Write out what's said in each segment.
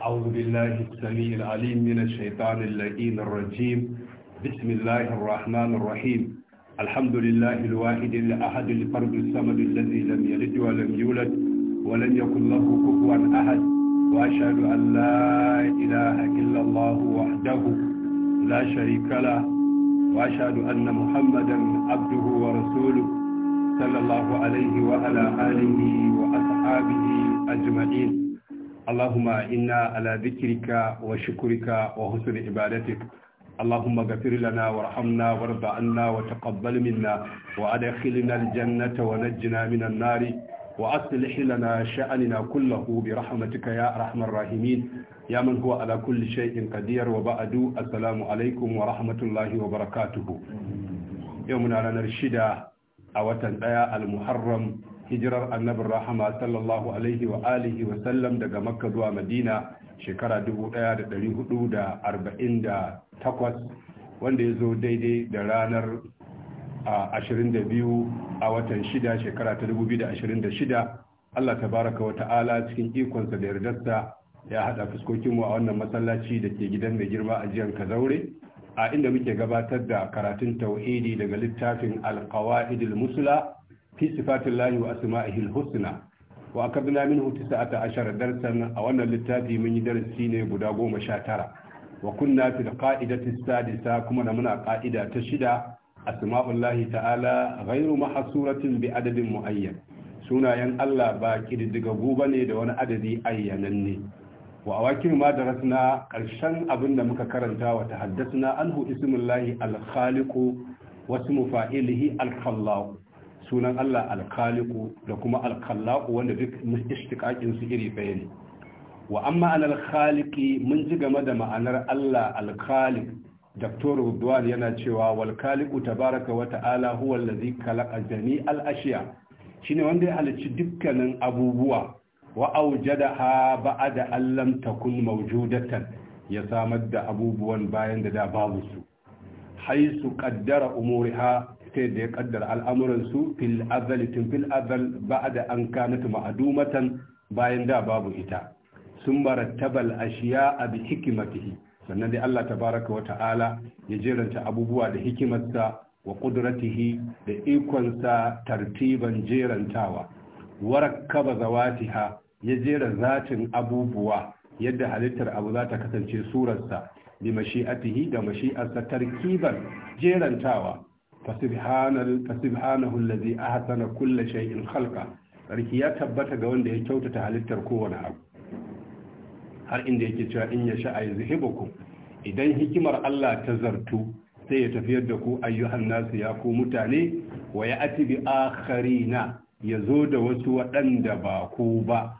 أعوذ بالله السميع العليم من الشيطان اللئيم الرجيم بسم الله الرحمن الرحيم الحمد لله الواحد الأحد الفرد الصمد الذي لم يلد ولم يولد ولم يكن له كفوا أحد وأشهد أن لا إله إلا الله وحده لا شريك له وأشهد أن محمدا عبده ورسوله صلى الله عليه وعلى آله وأصحابه أجمعين اللهم إنا على ذكرك وشكرك وحسن عبادتك اللهم اغفر لنا وارحمنا وارض عنا وتقبل منا وادخلنا الجنة ونجنا من النار وأصلح لنا شأننا كله برحمتك يا أرحم الراحمين يا من هو على كل شيء قدير وبعد السلام عليكم ورحمة الله وبركاته يومنا لنا الشدة أوتن المحرم hijirar annabin rahama sallallahu alaihi wa alihi wa sallam daga makka zuwa madina shekara 1448 wanda ya zo daidai da ranar 22 a watan 6 shekara ta 2026 Allah ta baraka wa ta'ala cikin ikonsa da yardarsa ya haɗa fuskokinmu a wannan masallaci da ke gidan mai girma a jiyan Kazaure a inda muke gabatar da karatun tauhidi daga littafin Idil musula fi sifatillahi wa asma'ihil husna wa akadna minhu 19 darsan a wannan littafi mun yi darasi ne guda goma sha tara. wa kunna da qa'idati sadisa kuma da muna ƙa'ida ta shida asma'ullahi ta'ala ghairu mahsuratin bi adadin muayyan sunayen Allah ba kididdigaggu ne da wani adadi ayyananne wa awakin ma darasna karshen abin da muka karanta wa tahaddasna anhu ismullahi Alkhaliku wasu mufa'ilihi al sunan Allah alkaliku da kuma alkallaku wanda duk ishtiqaqin su iri ɗaya ne wa amma an alkaliki mun ji game da ma'anar Allah alkhaliq Dr. Rudwan yana cewa wal khaliqu tabaraka wa ta'ala huwa allazi khalaqa jami'al ashiya shine wanda ya halicci dukkanin abubuwa wa aujadaha ba'da an lam takun mawjudatan ya samar da abubuwan bayan da da babu su haisu qaddara umuriha ta yadda ya kaddara al'amuransu fil azal tun fil azal da an kanat ma'adumatan bayan da babu ita sun marattabal ashiya a bi hikimatihi sannan dai Allah tabaraka wa ta'ala ya jeranta abubuwa da hikimarsa wa qudratihi da ikonsa tartiban jerantawa warakkaba zawatiha ya jera zatin abubuwa yadda halittar abu za ta kasance surarsa bi mashi'atihi da mashi'arsa tarkiban jerantawa fasibhanahu allazi ahsana kulla shay'in khalqa sarki ya tabbata ga wanda ya kyautata halittar kowane abu har inda yake cewa in ya sha'a ku. idan hikimar Allah ta zartu sai ya tafiyar da ku ayyuhan nasu ya ku mutane wa ya ati bi akharina ya zo da wasu waɗanda ba ku ba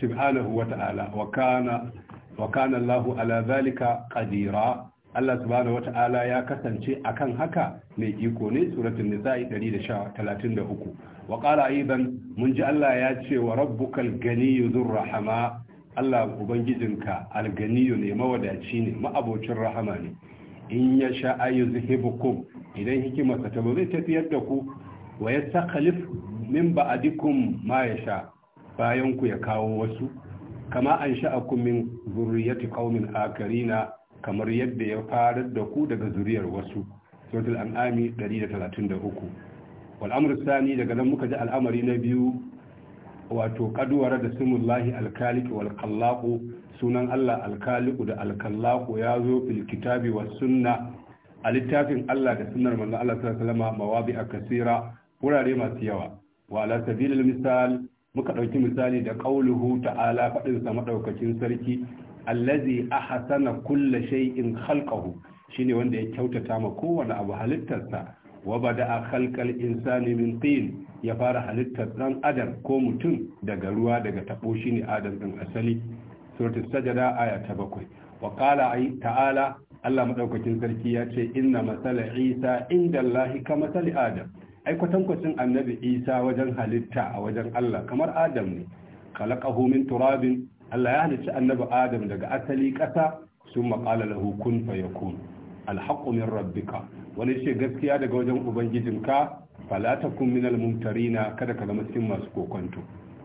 subhanahu wa ta'ala wa kana wa kana ala zalika qadira Allah subhanahu wata'ala ya kasance akan haka mai iko ne suratul nisa'i 133 wa qala aidan mun ji Allah ya ce wa rabbukal ganiyyu zun rahama Allah ubangijinka alganiyu ne mawadaci ne ma'abocin rahama ne in ya sha sha'a yuzhibukum idan hikimarsa ta zai tafiyar da ku wa yastakhlif min ba'dikum ma yasha bayan ku ya kawo wasu kama an sha'akum min zurriyyati qaumin akarina kamar yadda ya farar da ku daga zuriyar wasu suratul al'ami 133 wal'amur sani daga nan muka ji al'amari na biyu wato kaduwara da simullahi Alkaliku wal sunan Allah alkaliku da alkalaku ya zo fil kitabi wa sunna a littafin Allah da sunnar manzan Allah sallallahu alaihi wasallam mawabi kasira wurare masu yawa wa ala sabilil muka dauki misali da qauluhu ta'ala fadin sa madaukakin sarki allazi ahsana kulli shay'in khalqahu shine wanda ya kyautata ma kowane abu halittarsa wa a khalqal insani min tin ya fara halittar dan adam ko mutum daga ruwa daga tabo shine adam din asali surat sajada aya ta bakwai wa qala ta'ala Allah madaukakin sarki ya ce inna masala isa inda Allahi ka masali adam ai kwatankwacin annabi isa wajen halitta a wajen Allah kamar adam ne khalaqahu min turabin Allah ya halicci annabi Adam daga asali ƙasa sun maƙala lahu kun fayakun alhaqqu min rabbika wani ce gaskiya daga wajen ubangijinka fala takun min almumtarina kada ka zama cikin masu kokonto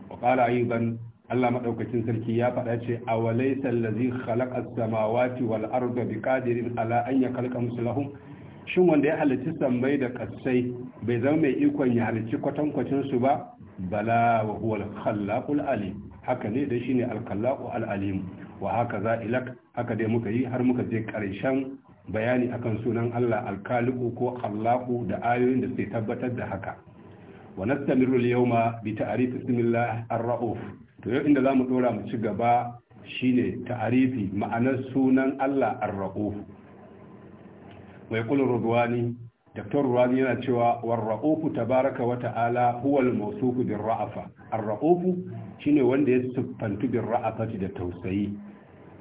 wa qala aidan Allah madaukakin sarki ya faɗa ce awalaysa allazi khalaqa as-samawati wal arda biqadirin ala an yakhluqa mislahum shin wanda ya halicci sammai da ƙasai bai zama mai ikon ya halicci kwatankwacin su ba bala wa huwa al-khallaqul alim haka ne dai shine al-khallaqu al-alim wa haka za ilak haka dai muka yi har muka je karshen bayani akan sunan Allah al-khaliqu ko khallaqu da ayoyin da suke tabbatar da haka wa nastamiru al-yawma bi ta'rif bismillah ar-rauf to yau inda zamu dora mu ci gaba shine ta'arifi ma'anar sunan Allah ar-rauf wa yaqulu rudwani Dr. Ruwazi yana cewa warra'ufu tabaraka wa ta'ala huwal mawsufu bir ra'afa. Ar-ra'ufu shine wanda ya siffantu bir ra'afati da tausayi.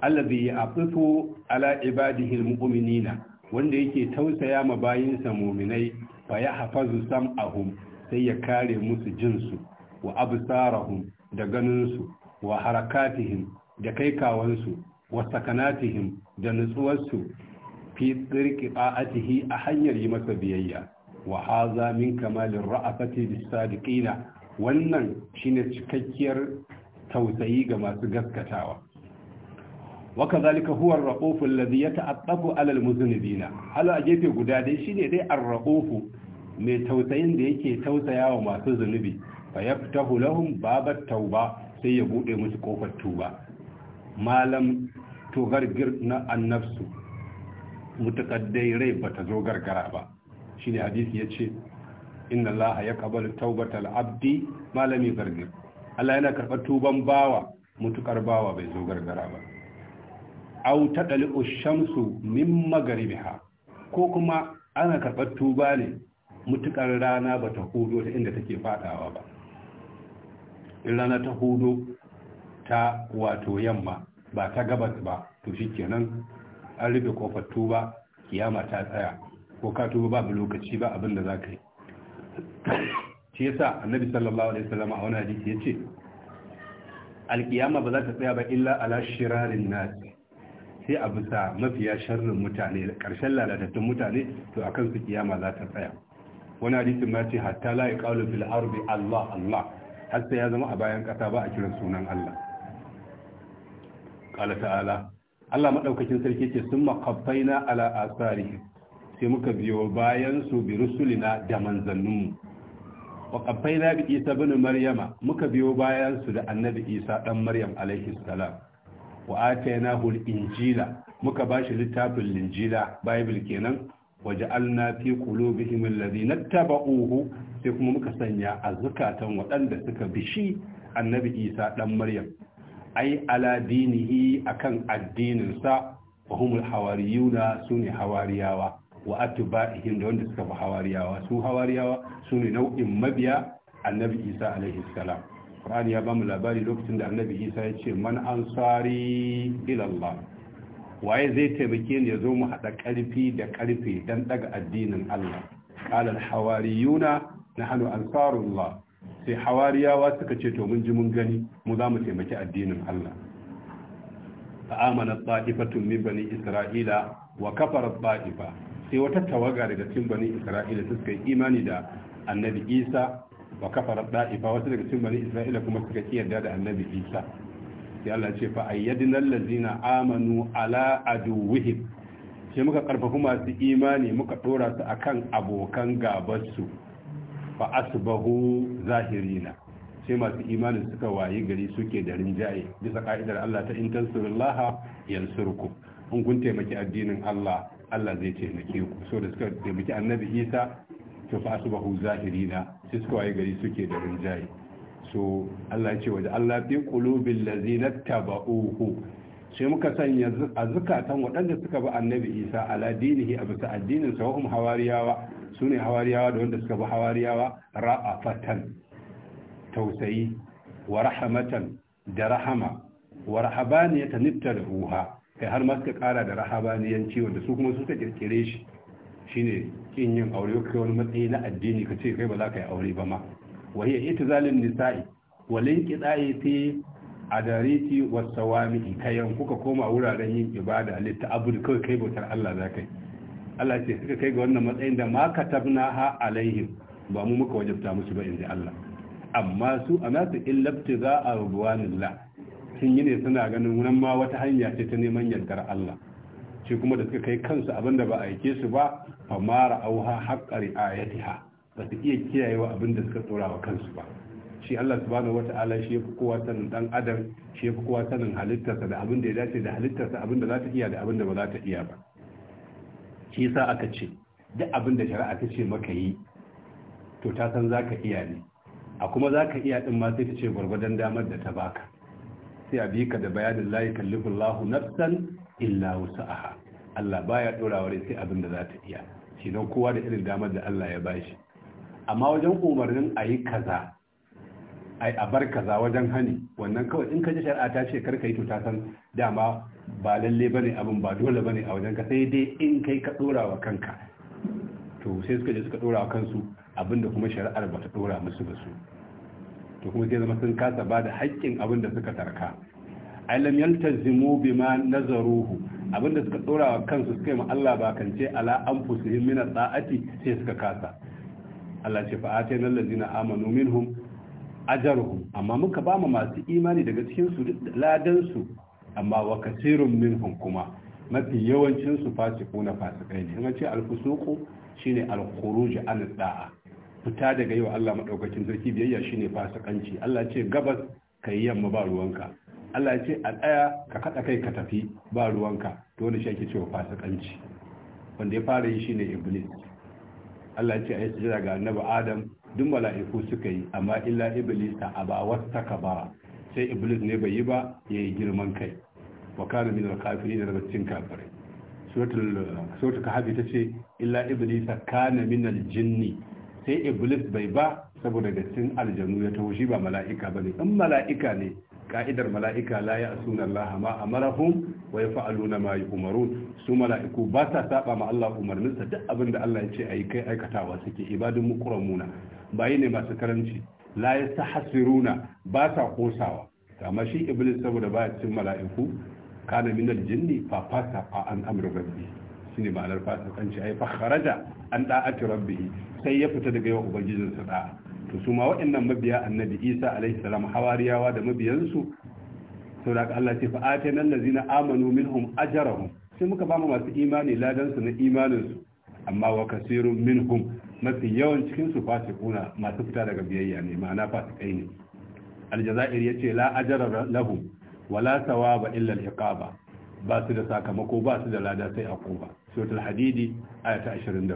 Allazi ya'tifu ala ibadihi al-mu'minina wanda yake tausaya ma bayinsa mu'minai fa yahfazu sam'ahum sai ya kare musu jinsu wa absarahum da ganinsu wa harakatihim da kaikawansu wa sakanatihim da nutsuwarsu fi tsirki ba'atihi a hanyar yi masa biyayya wa haza min kamalin ra'afati Sadiqina wannan shine cikakkiyar tausayi ga masu gaskatawa wa kazalika huwa ar-ra'uf alladhi yata'attabu 'ala al-muznibina hala a gefe guda dai shine dai ar-ra'uf mai tausayin da yake tausayawa masu zunubi fa yaftahu lahum babat tauba sai ya bude musu kofar tuba malam tugargir na annafsu mutukar dai ba bata zo gargara ba shi ne hadisi ce inna Allah ya qabalu tawbatal abdi malami gargir Allah yana karɓar tuban bawa mutukar bawa bai zo gargara ba au ta tadlu shamsu min magribiha ko kuma ana karɓar tuba ne mutukar rana bata hudo ta inda take fadawa ba in rana ta hudo ta wato yamma ba ta gabas ba to shi kenan an rufe kofar tuba kiyama ta tsaya ko ka tuba babu lokaci ba abin da za ka yi shi yasa annabi sallallahu alaihi wasallam a wani hadisi ce. alkiyama ba za ta tsaya ba illa ala shirarin nasi sai a bisa mafiya sharrin mutane karshen lalatattun mutane to akan su kiyama za ta tsaya wani hadisi ma ce hatta la kawo fil ardi Allah Allah har sai ya zama a bayan kasa ba a kiran sunan Allah Allah maɗaukacin sarki ce sun makabbaina ala asari sai muka biyo bayan su bi rusulina da manzanninmu wa kabbaina bi Isa bin Maryama muka biyo bayan su da Annabi Isa dan Maryam alaihi salam wa atainahu al-injila muka bashi littafin linjila bible kenan waja'alna fi qulubihim alladhina tabauhu sai kuma muka sanya a zukatan waɗanda suka bishi Annabi Isa dan Maryam ai ala dinihi akan addininsa wa humul hawariyuna sune hawariyawa wa atba'ihim da wanda suka fi hawariyawa su hawariyawa sune nau'in mabiya annabi Isa alaihi salam Qur'an ya bamu labari lokacin da annabi Isa ya ce man ansari ila Allah waye zai taimake ni ya zo mu haɗa ƙarfi da ƙarfe don ɗaga addinin Allah ƙalar hawariyuna na hannu ansarullah sai hawariyawa suka ce to mun ji mun gani mu za mu taimaki addinin Allah amana ta'ifatun min bani isra'ila wa kafara ta'ifa sai wata tawaga daga cikin bani isra'ila suka yi imani da annabi Isa wa kafara ta'ifa wata daga cikin bani isra'ila kuma suka ki yarda da annabi Isa sai Allah ce fa ayyadna allazina amanu ala aduwwihim sai muka karfafa masu imani muka dora su akan abokan gabar su fa asbahu zahirina sai masu imanin suka wayi gari suke da rinjaye bisa ka'idar Allah ta in tansurullah yansurku in kun taimaki addinin Allah Allah zai taimake ku so da suka taimaki annabi Isa to fa asbahu zahirina sai suka wayi gari suke da rinjaye so Allah ya ce waje Allah fi qulubil ladzina tabauhu sai muka sanya a zukatan waɗanda suka bi annabi Isa ala dinihi a bisa addinin sa wa hum hawariyawa su ne hawariyawa da wanda suka bi hawariyawa ra'afatan tausayi wa rahamatan da rahama wa rahabaniyata nitta da kai har ma suka kara da rahabaniyanci wanda su kuma suka kirkire shi shine kin yin aure ko wani matsayi na addini ka kai ba za ka yi aure ba ma wa hiya itzalin nisa'i wa linqida'i fi adariti was sawami kayan kuka koma wuraren yin ibada litta abud kai kai bautar Allah za kai Allah ce suka kai ga wannan matsayin da ma katabna ha alaihim ba mu muka wajabta musu ba inji Allah amma su a nasu illabti za a rubuwanillah sun yi ne suna ganin nan ma wata hanya ce ta neman yardar Allah shi kuma da suka kai kansu abin da ba a aike su ba fa mara auha haqqari ha ba su iya kiyayewa abin da suka tsora wa kansu ba shi Allah subhanahu ta'ala shi ya fi kowa sanin dan adam shi ya fi kowa sanin halittarsa da abin da ya dace da halittarsa abin da za ta iya da abin da ba za ta iya ba shi yasa aka ce duk abin da shari'a ta ce maka yi to ta san za ka iya ne a kuma za ka iya din ma sai ta ce gwargwadon damar da ta baka sai a bi ka da bayanin layi kallifin lahu nafsan illa aha. Allah baya ɗorawa rai sai abin da za ta iya shi don kowa da irin damar da Allah ya ba shi. amma wajen umarnin a yi kaza a bar kaza wajen hani wannan kawai in ka ji shari'a ta ce kar ka yi to ta san dama ba lalle ba ne abin ba dole ba ne a wajen ka sai dai in kai ka dora wa kanka to sai suka je suka dora wa kansu abinda kuma shari'ar ba ta dora musu ba su to kuma sai zama sun kasa ba da haƙƙin abinda suka tarka lam yaltazimu bima nazaruhu abinda suka dora wa kansu suka yi ma Allah ba kance ala anfusihim min sa'ati sai suka kasa Allah ce fa atayna allazina amanu minhum ajruhum amma muka ba mu masu imani daga cikin su ladan su amma wa kasirun min kuma mafi yawancin su na kai ne ce alfusuku shine alkhuruj an da'a fita daga yau Allah madaukakin sarki biyayya shine fasikanci Allah ce gabas kai yamma ba ruwanka Allah ce a daya ka kada kai ka tafi ba ruwanka to wani shi ake cewa fasikanci wanda ya fara yi shine iblis Allah ce ayi sujada ga annabi Adam duk mala'iku suka yi amma illa iblis ta aba ba. sai iblis ne bai yi ba ya yi girman kai wa kana min al-kafirin da cikin kafirai suratul suratul ta ce illa iblis kana min al-jinni sai iblis bai ba saboda ga cikin aljanu ya taho shi ba mala'ika ba ne in mala'ika ne ka'idar mala'ika la ya'suna Allah ma amarahum wa yaf'aluna ma yu'marun su mala'iku ba sa saba ma Allah umarninsa duk abin da Allah ya ce ayi kai aikatawa suke ibadun muna bayi ne masu karanci la hasiruna ba sa kosawa amma shi iblis saboda ba cikin mala'iku kana min aljinni fa fa an amri rabbi shine ma'anar fasikanci ai fa kharaja an da'ati rabbi sai ya fita daga yawan ubangijinsa da'a to su ma waɗannan mabiya annabi isa alaihi salam hawariyawa da mabiyansu to da Allah ce fa'ate nan lazina amanu minhum ajrahum sai muka ba mu masu imani ladan su na imanin su amma wa kasirun minhum mafi yawan cikin su fasikuna masu fita daga biyayya ne ma'ana fasikai ne aljazair ce la ajra lahu wala thawaba illa al-iqaba ba su da sakamako ba su da lada sai akuba suratul hadidi ayata 27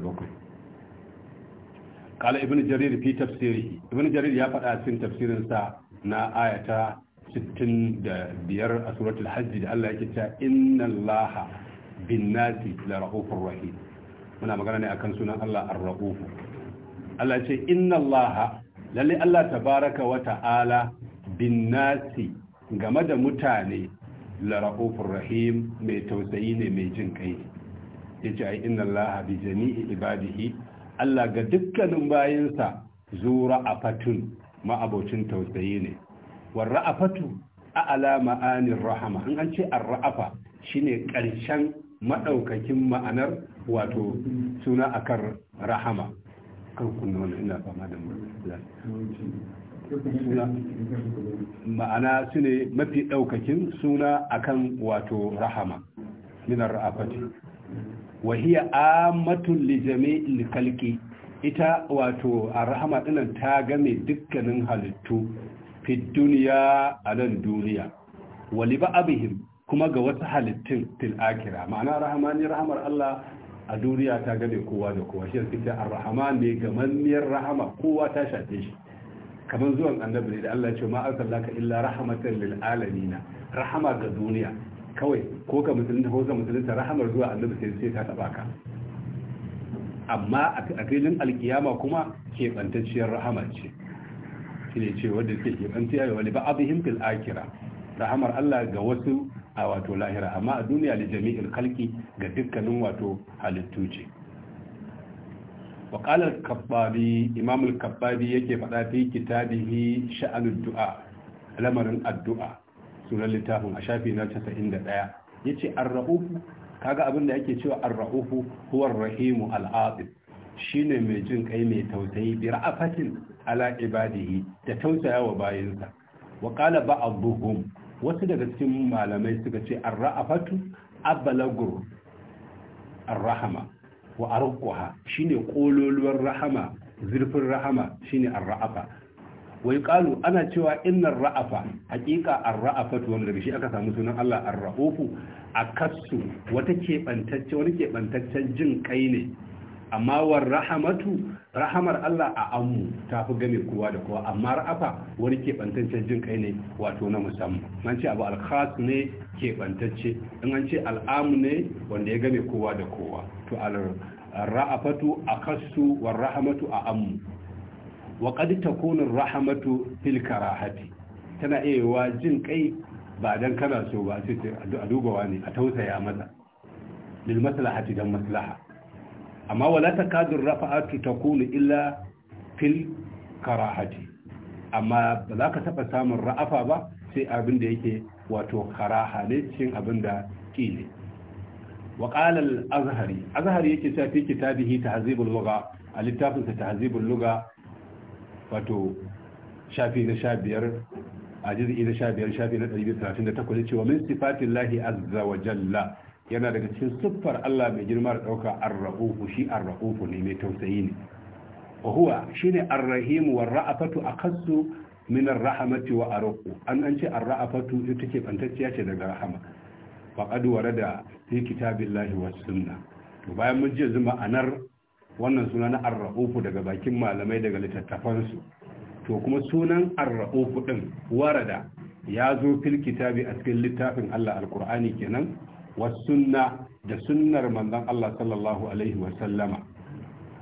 قال ابن جرير في تفسيره ابن جرير يا cikin tafsirin sa na ayata 65 a suratul hajj da Allah ya cewa inna allaha bin nasi la rahufur rahim muna magana ne akan sunan Allah ar-rauf Allah ce inna Allah lalle Allah ta wa ta'ala bin nasi game da mutane la raufur rahim mai tausayi ne mai jin kai yace ai inna Allah bi jami'i ibadihi Allah ga dukkanin bayinsa zura afatun ma'abocin tausayi ne warra'afatu a alama anir rahama in an ce arra'afa shine ƙarshen maɗaukakin ma'anar wato suna akan rahama kan kunna wannan ina fama da ma'ana su ne mafi daukakin suna akan wato rahama minar ra'afati wahiya amatun lijame likalki ita wato a rahama dinan ta game dukkanin halittu fi duniya a nan duniya wali ba abihim kuma ga wasu halittun fil akira ma'ana rahama ne rahamar Allah a duniya ta gane kowa da kowa shi suke ar-rahman ne gamanniyar rahama kowa ta shafe shi kaman zuwan annabi ne da Allah ya ce ma arsalaka illa rahmatan lil alamin rahama ga duniya kawai ko ka musulunta ko ka musulunta rahamar zuwa annabi sai sai ta taba ka amma a filin alkiyama kuma keɓantacciyar rahama ce shi ne ce wanda suke keɓantiya ga wani ba'adihim fil akira rahamar Allah ga wasu a wato lahira amma a duniya da jami'in kalki ga dukkanin wato halittu ce waƙalar kabbabi imamul kabbabi yake faɗa fi kitabihi sha'anud du'a lamarin addu'a sunan littafin a shafi na 91 yace ar-ra'ufu kaga abin da yake cewa ar-ra'ufu rahimu al shine mai jin kai mai tausayi bi ra'afatin ala ibadihi da tausaya wa bayinsa wa qala ba'dhum wasu daga cikin malamai suka ce arra'afatu abalagur arrahama wa arquha shine kololuwar rahama zurfin rahama shine arra'afa wai kalu ana cewa innar ra'afa hakika arra'afatu wanda shi aka samu sunan Allah arra'ufu akassu wata kebantaccen wani kebantaccen jin kai ne amma war rahamatu rahamar Allah a Amu ta fi game kowa da kowa amma ra'afa wani keɓantaccen jin kai ne wato na musamman an ce abu alkhas ne keɓantacce in an ce al'amu ne wanda ya game kowa da kowa to ra'afatu a kasu war rahamatu a Amu. wa qad takunu rahamatu fil karahati tana iya yiwa jin kai ba dan kana so ba sai a duba ne a tausaya masa lil maslahati dan maslaha amma wala takadur rafa'atu ta kunu illa fil karahati amma ba za ka taɓa samun ra'afa ba sai abin da yake wato karaha ne cikin abin da ƙi ne wa ƙalal azhari azhari yake shafi fi ta hazibul lugha a littafin ta hazibul lugha wato shafi na 15 a juz'i na 15 shafi na 138 cewa min sifatillahi azza wa jalla yana daga cikin siffar Allah mai girma da ɗauka arrahufu shi arrahufu ne mai tausayi ne wa huwa shine arrahimu wa ra'afatu akasu min arrahamati wa arqu an an ce arrafatu ita take fantacciya ce daga rahama faqad warada fi kitabillahi was sunna to bayan mun je zuma anar wannan suna na arrahufu daga bakin malamai daga littattafan su to kuma sunan arrahufu din warada ya zo fil kitabi a cikin littafin Allah alqur'ani kenan wasunna da sunnar manzon Allah sallallahu alaihi wa sallama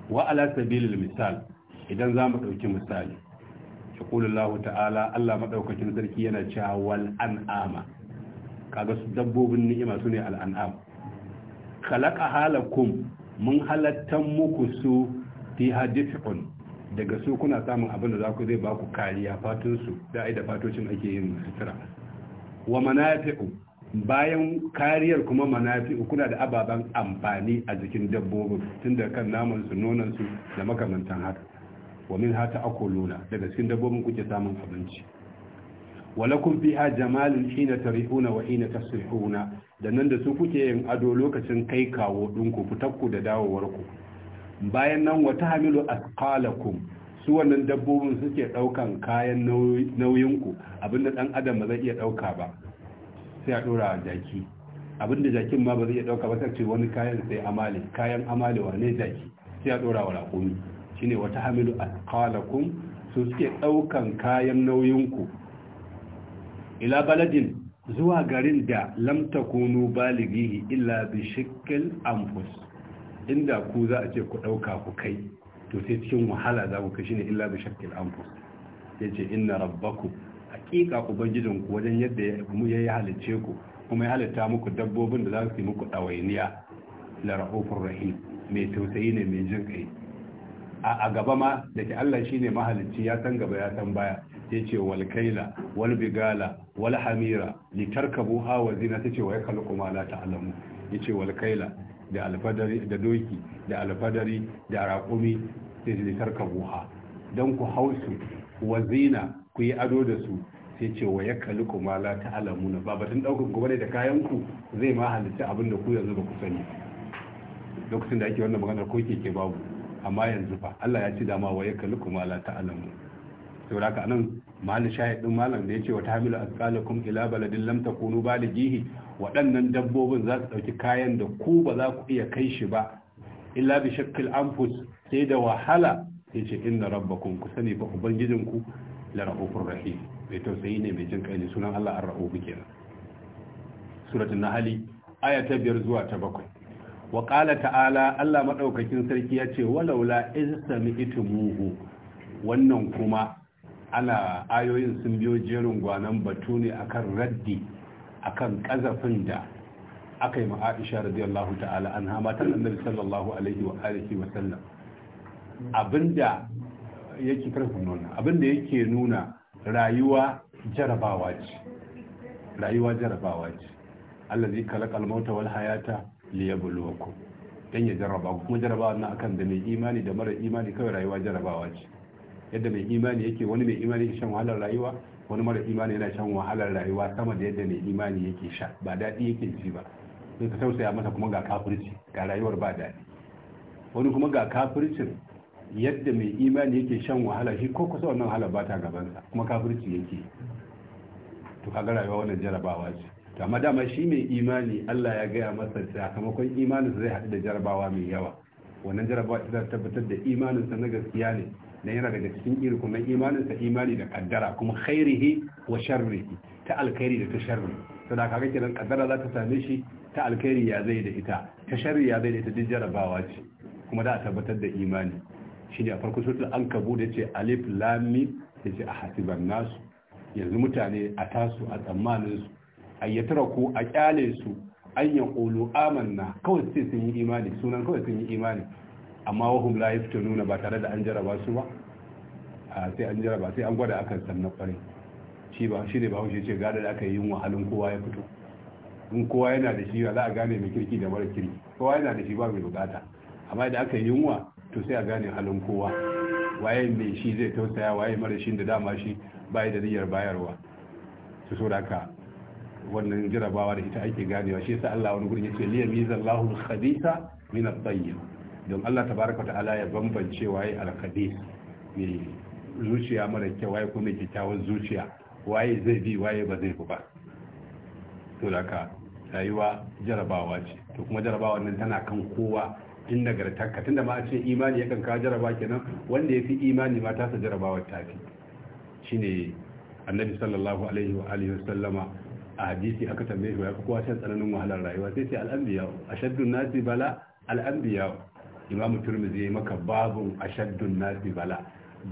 wa ala misal idan zamu ɗauki misali yaqulu Allah ta'ala Allah madaukakin sarki yana cewa wal an'ama kaga su dabbobin ni'ima sune al an'am khalaqa halakum mun halattan muku su fi hadithun daga su kuna samun abin da zaku ku zai baku kariya su da ai da fatocin ake yin sutura wa manafi'u bayan kariyar kuma manafi kuna da ababen amfani a jikin dabbobin tun da kan namansu nonansu da makamantan haka wa min hata luna daga cikin dabbobin kuke samun abinci walakun fiha jamalin hina tarihuna wa hina tasrihuna da nan da su kuke yin ado lokacin kai kawo ɗinku fitakku da dawowarku bayan nan wata hamilu asqalakum su wannan dabbobin suke ɗaukan kayan nauyinku abinda ɗan adam ba zai iya ɗauka ba sai a dora jaki abinda jakin ma ba zai iya dauka ba sai ce wani kayan sai Amali. kayan wa ne jaki sai a dora wa raƙumi shine wata hamilu alqalakum su suke daukan kayan nauyinku ila baladin zuwa garin da lam takunu balighihi illa bi shiqqil anfus inda ku za a ce ku dauka ku kai to sai cikin wahala za ku kai shine illa bi shiqqil anfus yace inna rabbakum hakika ubangijin ku wajen yadda ya yi halicce ku kuma ya halitta muku dabbobin da za su yi muku ɗawainiya la ra'ufur rahim mai tausayi ne mai jin kai a gaba ma da ke Allah shine mahalicci ya san gaba ya san baya ya ce wal kaila wal bigala wal hamira li tarkabu ha wa zina ta ce wa yakhluqu kuma la ta'lamu ya ce wal da doki da alfadari da raƙumi da li tarkabu ha dan ku hausu wa zina ku yi ado da su sai ce wa ya kalli kuma la ta'alamuna ba batun daukar gobe ne da kayan ku zai ma halitta abin da ku yanzu ba ku sani lokacin da ake wannan maganar ko keke babu amma yanzu fa Allah ya ci dama wa ya kalli kuma la ta'alamu saboda haka anan malin shahid din malam da ya ce wa tahmilu asqalakum ila baladin lam takunu balighihi waɗannan dabbobin za su ɗauki kayan da ku ba za ku iya kai shi ba illa bi shakkil anfus sai da wahala sai ce inna rabbakum ku sani fa ubangijinku la rahufur rahim mai tausayi ne mai jin kai ne sunan Allah ar-ra'ufu kenan suratul nahl aya ta biyar zuwa ta bakwai wa qala ta'ala Allah madaukakin sarki ya ce walaula iz sami'tumuhu wannan kuma ana ayoyin sun biyo jerin gwanan batu ne akan raddi akan kazafin da aka yi ma'aisha radiyallahu ta'ala an ta annabi sallallahu alaihi wa alihi wa sallam abinda yake karfin nuna abinda yake nuna rayuwa jarabawa ce rayuwa jarabawa ce Allah zai kalaka almauta wal hayata li yabluwakum dan ya ku. kuma jarabawa nan akan da mai imani da mara imani kawai rayuwa jarabawa ce yadda mai imani yake wani mai imani yake shan wahalar rayuwa wani mara imani yana shan wahalar rayuwa sama da yadda mai imani yake sha ba daɗi yake ji ba sai ka tausaya masa kuma ga kafirci ga rayuwar ba daɗi wani kuma ga kafircin yadda mai imani yake shan wahala shi ko kusa wannan wahala ba ta gabansa kuma kafirci yake to kaga rayuwa wannan jarabawa ce to amma dama shi mai imani Allah ya gaya masa sakamakon imaninsa zai haɗu da jarabawa mai yawa wannan jarabawa ita tabbatar da imaninsa na gaskiya ne na yana daga cikin irkun na imaninsa imani da kaddara kuma khairihi wa sharrihi ta alkhairi da ta sharri da kaga kiran kaddara za ta same shi ta alkhairi ya zai da ita ta sharri ya zai da ita duk jarabawa ce kuma da a tabbatar da imani shine a farko suratul da ce alif lam ce a ahasiban nasu yanzu mutane a tasu a tsammanin su ayyatara ko a kyale su an ya qulu amanna kawai sai sun yi imani sunan kawai sun yi imani amma wahum la nuna ba tare da an jaraba su ba sai an jaraba sai an gwada akan sannan kwarai shi ba shi ne ba haushe ce gada da aka yi yin wahalin kowa ya fito in kowa yana da shi za a gane mai kirki da mara kirki kowa yana da shi ba mai bukata amma da aka yi yunwa to sai a gane halin kowa waye mai shi zai tausaya waye mara shi da dama shi bai da niyyar bayarwa su so daga wannan jarabawa da ita ake ganewa shi yasa Allah wani gurin yace liya mizan al-khabitha min at don Allah tabaaraka ta'ala ya bambance waye al-khabith mai zuciya mara kyau waye kuma kyakkyawar zuciya waye zai bi waye ba zai fi ba to daga rayuwa jarabawa ce to kuma jarabawa nan tana kan kowa in nagartarka tunda ma a ce imani yakan ka jaraba kenan wanda ya fi imani ma tasa jarabawar tafi shine annabi sallallahu alaihi wa alihi wasallama a hadisi aka tambaye shi ya fi shan tsananin wahalar rayuwa sai sai al'anbiya ashaddun nasi bala al'anbiya imamu turmizi yayi maka babun ashaddun nasi bala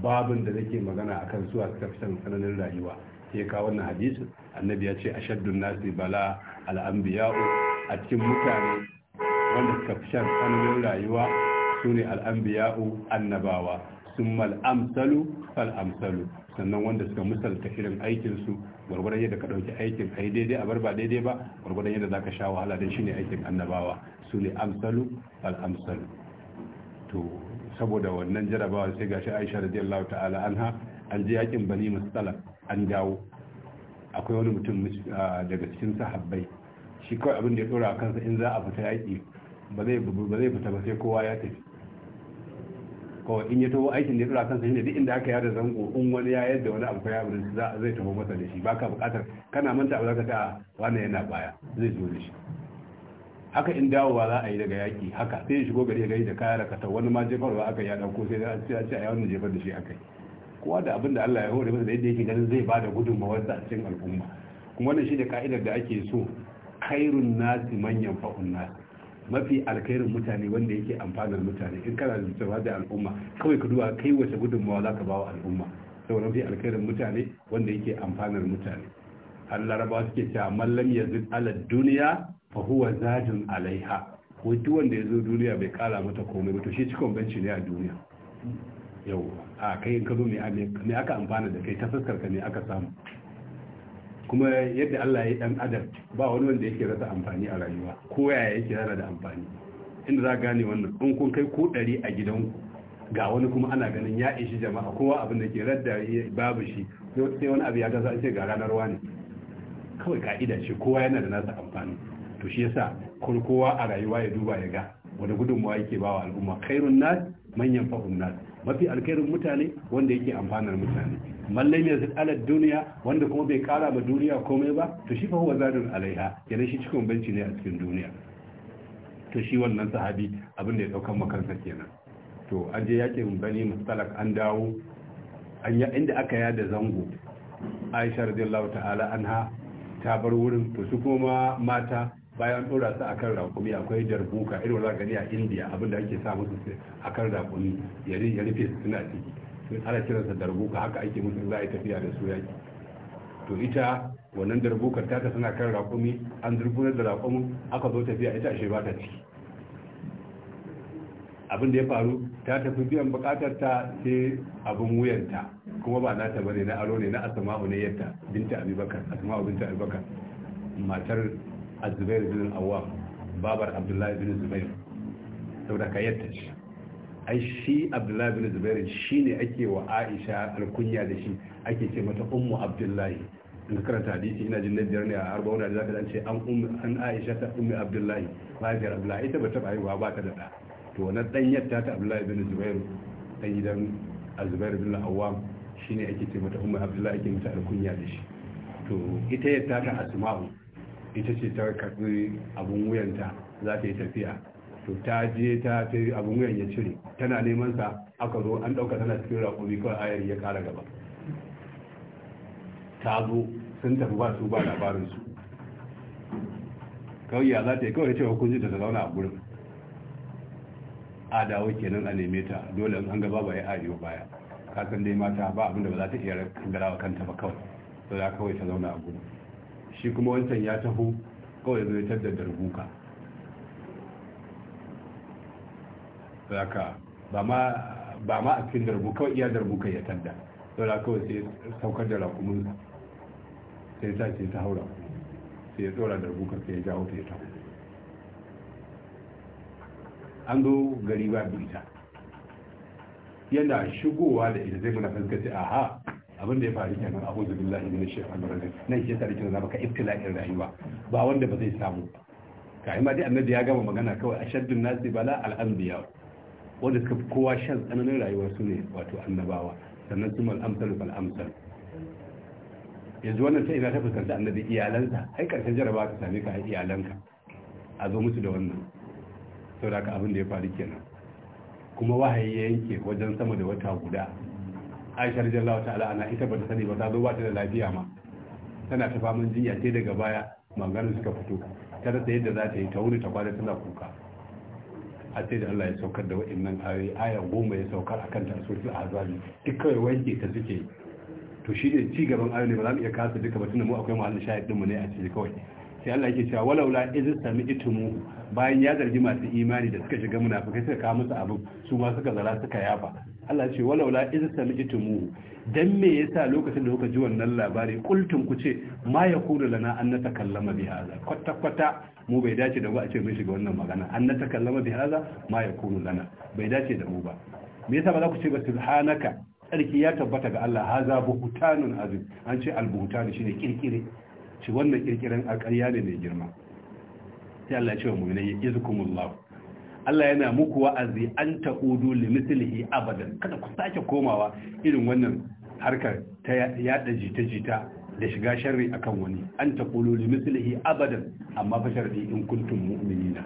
babun da nake magana akan su a fi tsananin rayuwa sai ka wannan hadisin annabi ya ce ashaddun nasi bala al'anbiya a cikin mutane wanda suka fi shan hanyoyin rayuwa su ne al'ambiya'u annabawa sun mal'amsalu fal'amsalu sannan wanda suka misalta irin aikinsu gwargwadon yadda ka ɗauki aikin yi daidai a bar ba daidai ba gwargwadon yadda za ka sha wahala don shine aikin annabawa su ne amsalu fal'amsalu to saboda wannan jarabawa sai gashi aisha da radiyallahu ta'ala ha an je yakin bani tsala an dawo akwai wani mutum ah, daga cikin sahabbai shi kawai abin da ya ɗora kansa in za a fita yaƙi ba zai fita ba sai kowa ya tafi kawai in ya taho aikin da ya tsara kansa shine duk inda aka yada zango in wani ya yadda wani abu ya abin za zai taho masa da shi baka bukatar kana manta abu zaka ta wani yana baya zai zo da shi haka in dawowa za a yi daga yaki haka sai ya shigo gari ya gari da kaya da kasar wani ma ba aka ya ko sai a ce a ce da jefar da shi yi kowa da abin da Allah ya hore masa da yadda yake ganin zai bada gudunmawar sa a cikin al'umma kuma wannan shi da ka'idar da ake so kairun nasi manyan fa'un nasi mafi alkhairin mutane wanda yake amfanar mutane in kana da da al'umma kawai ka duba kai wace gudunmawa za ka bawa al'umma saboda mafi alkhairin mutane wanda yake amfanar mutane har laraba suke cewa mallam ya zin ala duniya fa huwa zajin alaiha ko duk wanda ya zo duniya bai kara mata komai ba to shi cikon banci ne a duniya yau a kai in ka zo me aka amfana da kai ta fuskar ka ne aka samu kuma yadda Allah ya dan adam ba wani wanda yake rasa amfani a rayuwa ko yaya yake yana da amfani inda za gane wannan in kun kai ko ɗari a gidan ku ga wani kuma ana ganin ya ishi jama'a kowa abin da ke radda babu shi sai wani abu ya gasa an ce ga ranar wani kawai ka'ida ce kowa yana da nasa amfani to shi yasa kowa a rayuwa ya duba ya ga wani gudunmawa yake bawa al'umma khairun nas manyan fa'un nas mafi alkairin mutane wanda yake amfanar mutane mallai mai alad duniya wanda kuma bai kara ba duniya komai ba to shi fa huwa alaiha kenan shi cikin banci ne a cikin duniya to shi wannan sahabi abin da ya ɗaukar makansa kenan to an je yakin bani mustalak an dawo an inda aka da zango aisha radiyallahu ta'ala anha ta bar wurin to su kuma mata bayan dora su akan rakumi akwai darbuka irin wanda gani a indiya abinda ake sa musu akan rakumi ya rufe su suna ciki sun ala kiransa darbuka haka ake musu za a yi tafiya da su yaki to ita wannan darbukar ta tafi na kan rakumi an durbunar da rakumi aka zo tafiya ita a ba ta ciki abin da ya faru ta tafi biyan bukatar ta sai abin wuyanta kuma ba na bane na aro ne na asama'u ne yadda binta abubakar asma'u binta abubakar matar az-zubair bin al-awwam babar abdullahi bin zubair saboda ka yadda ce ai shi abdullahi bin zubair shine ake wa aisha alkunya da shi ake ce mata ummu abdullahi in ka karanta hadisi ina jin biyar ne a arba'una da zaka ce an ummu an aisha ta ummu abdullahi mahaifiyar abdullahi ita ba ta haihuwa ba ta da ɗa to wannan ɗanyar ta ta abdullahi bin zubair ɗan gidan azubair bin awam shine ake ce mata ummu abdullahi ake mata alkunya da shi to ita yadda ta asma'u ita ce ta karbi abun wuyanta za ta yi tafiya to ta je ta ta abun wuyan ya cire tana neman sa aka zo an dauka tana cikin raƙumi kawai ayar ya kara gaba ta zo sun tafi ba su ba labarin su kawai ya za ta yi kawai cewa kunji da ta zauna a gurin a dawo kenan a neme ta dole an gaba ba ya arewa baya kasan dai mata ba abinda ba za ta iya garawa kanta ba kawai sai kawai ta zauna a gurin shi kuma wancan ya taho kawai zai tadda darbuka saka ba ma a cikin darbu kawai iya kai ya tadda saboda kawai sai saukar da rakumin sai sa ce ta haura sai ya tsora darbukar sai ya jawo ta ya taho an zo gari ba bita yana shigowa da ita zai muna fuskaci aha abin da ya faru kenan abu da billahi ne shi a gurin nan shi yasa rikin zama ka ibtila'in rayuwa ba wanda ba zai samu ka ma dai annabi ya gama magana kawai ashaddun nasi bala al-anbiya wanda suka fi kowa shan tsananin rayuwar su ne wato annabawa sannan su mal amsalu fal amsal yanzu wannan sai ina ta fuskanta annabi iyalansa ai karshen jaraba ka same ka ai iyalanka a zo musu da wannan saboda ka abin da ya faru kenan kuma wahayi ya yanke wajen sama da wata guda aisha ta ta'ala ana ita bata sani ba ta zo ba ta da lafiya ma tana ta faman jinya sai daga baya maganin suka fito ta rasa yadda za ta yi ta wuri ta kwada tana kuka a sai da Allah ya saukar da wa'annan ayoyi aya goma ya saukar a kan tarsotul azabi duk kawai wanke ta suke to shi ne ci gaban ayoyi ba za mu iya kasa duka ba tunda mu akwai muhallin shahid ɗinmu ne a ciki kawai sai Allah yake cewa walaula sami sami'tumu bayan ya zargi masu imani da suka shiga munafukai suka kawo musu abin su ma suka zara suka yafa Allah ce walaula sami sami'tumu dan me yasa lokacin da kuka ji wannan labari kultum ku ce ma yakunu lana an natakallama bi hadha kwata kwata mu bai dace da mu a ce mun shiga wannan magana an natakallama bi hadha ma yakunu lana bai dace da mu ba me yasa ba za ku ce ba subhanaka tsarki ya tabbata ga Allah haza buhutanun azim an ce al-buhutan shine kirkire ci wannan kirkirin a ne mai girma sai Allah ya ce wa mu'minai yazkumullahu Allah yana muku wa'azi an ta'udu limithlihi abadan kada ku sake komawa irin wannan harkar ta yada jita-jita da shiga sharri akan wani an li limithlihi abadan amma fa sharri in kuntum mu'minina